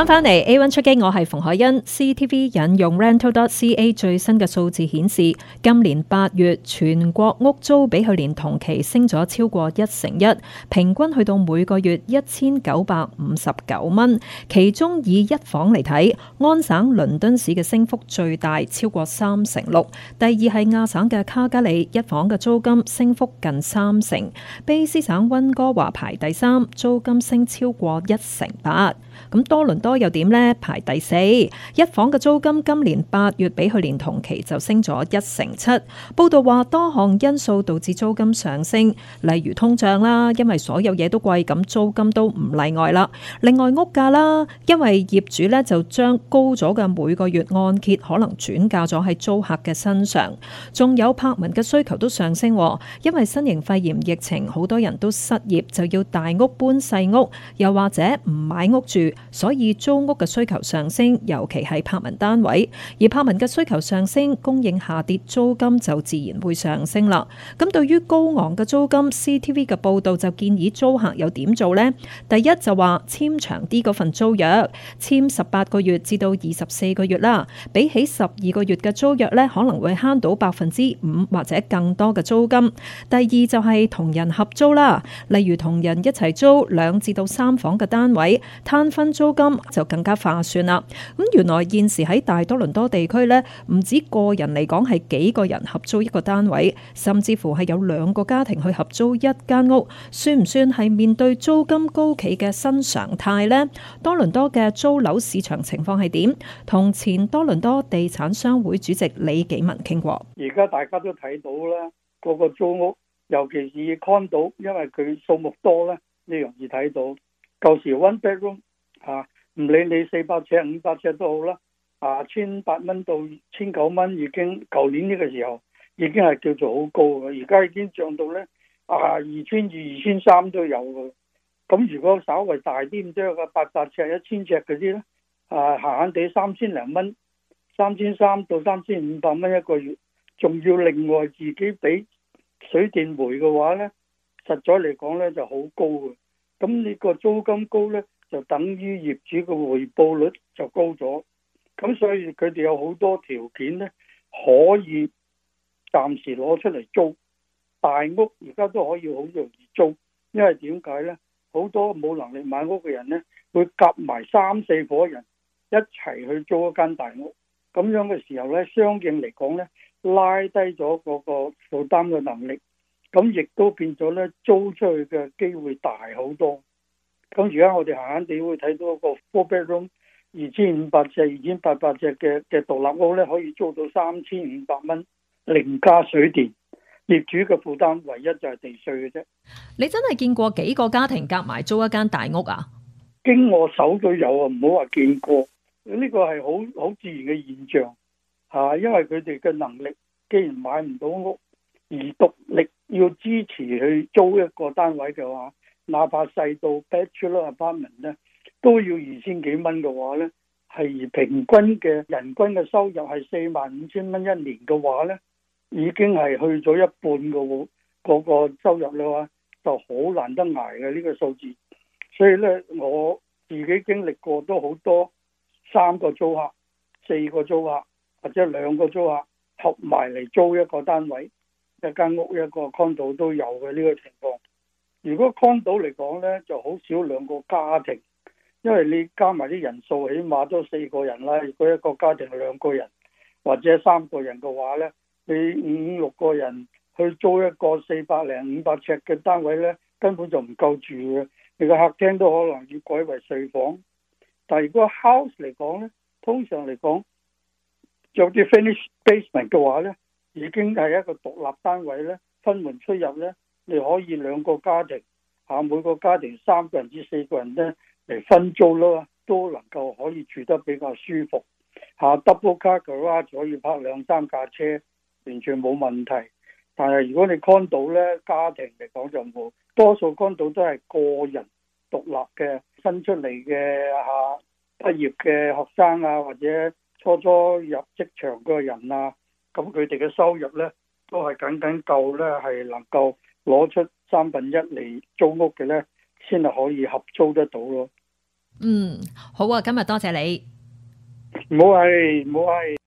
翻返嚟 A One 出擊，我係馮海恩。C T V 引用 Rental dot C A 最新嘅數字顯示，今年八月全國屋租比去年同期升咗超過一成一，平均去到每個月一千九百五十九蚊。其中以一房嚟睇，安省倫敦市嘅升幅最大，超過三成六。第二係亞省嘅卡加里，一房嘅租金升幅近三成。卑斯省溫哥華排第三，租金升超過一成八。咁多倫多又點呢？排第四一房嘅租金今年八月比去年同期就升咗一成七。報道話多項因素導致租金上升，例如通脹啦，因為所有嘢都貴，咁租金都唔例外啦。另外屋價啦，因為業主呢就將高咗嘅每個月按揭可能轉嫁咗喺租客嘅身上。仲有柏文嘅需求都上升，因為新型肺炎疫情好多人都失業，就要大屋搬細屋，又或者唔買屋住。所以租屋嘅需求上升，尤其係柏文單位，而柏文嘅需求上升，供應下跌，租金就自然會上升啦。咁對於高昂嘅租金，CTV 嘅報道就建議租客又點做呢？第一就話簽長啲嗰份租約，簽十八個月至到二十四個月啦，比起十二個月嘅租約呢，可能會慳到百分之五或者更多嘅租金。第二就係同人合租啦，例如同人一齊租兩至到三房嘅單位，攤。分租金就更加劃算啦。咁原來現時喺大多倫多地區呢，唔止個人嚟講係幾個人合租一個單位，甚至乎係有兩個家庭去合租一間屋，算唔算係面對租金高企嘅新常態呢？多倫多嘅租樓市場情況係點？同前多倫多地產商會主席李紀文傾過。而家大家都睇到啦，個個租屋，尤其是 condo 因為佢數目多咧，你容易睇到。舊時 one bedroom 啊！唔理你四百尺、五百尺都好啦，啊，千八蚊到千九蚊已經，舊年呢個時候已經係叫做好高嘅，而家已經漲到咧啊，二千二、二千三都有嘅。咁如果稍微大啲咁、啊、多嘅八百尺、一千尺嗰啲咧，啊，閒閒哋三千零蚊、三千三到三千五百蚊一個月，仲要另外自己俾水電煤嘅話咧，實在嚟講咧就好高嘅。咁你個租金高咧？就等於業主嘅回報率就高咗，咁所以佢哋有好多條件呢，可以暫時攞出嚟租大屋，而家都可以好容易租，因為點解呢？好多冇能力買屋嘅人呢，會夾埋三四夥人一齊去租一間大屋，咁樣嘅時候呢，相應嚟講呢，拉低咗嗰個負擔嘅能力，咁亦都變咗呢，租出去嘅機會大好多。咁而家我哋閒閒哋會睇到一個 four bedroom，二千五百只、二千八百只嘅嘅獨立屋咧，可以租到三千五百蚊，另加水電，業主嘅負擔唯一就係地稅嘅啫。你真係見過幾個家庭夾埋租一間大屋啊？經我手都有啊，唔好話見過，呢個係好好自然嘅現象，吓，因為佢哋嘅能力既然買唔到屋，而獨力要支持去租一個單位嘅話。哪怕細到 bachelor apartment 咧，都要二千幾蚊嘅話咧，係平均嘅人均嘅收入係四萬五千蚊一年嘅話咧，已經係去咗一半嘅喎，嗰個收入嘅話就好難得捱嘅呢、這個數字。所以咧，我自己經歷過都好多三個租客、四個租客或者兩個租客合埋嚟租一個單位、一間屋、一個 condo 都有嘅呢、這個情況。如果 condo 嚟講呢，就好少兩個家庭，因為你加埋啲人數，起碼都四個人啦。如果一個家庭係兩個人或者三個人嘅話呢，你五六個人去租一個四百零五百尺嘅單位呢，根本就唔夠住嘅。你個客廳都可能要改為睡房。但係如果 house 嚟講呢，通常嚟講，有啲 finish basement 嘅話呢，已經係一個獨立單位呢，分門出入呢。你可以兩個家庭嚇，每個家庭三個人至四個人咧，嚟分租咯，都能夠可以住得比較舒服嚇。Double car g a 可以泊兩三架車，完全冇問題。但係如果你 c 到 n 咧，家庭嚟講就冇，多數 c 到都係個人獨立嘅新出嚟嘅嚇，畢業嘅學生啊，或者初初入職場嗰個人啊，咁佢哋嘅收入咧都係僅僅夠咧係能夠。攞出三分一嚟租屋嘅咧，先係可以合租得到咯。嗯，好啊，今日多謝你。唔好係，唔好係。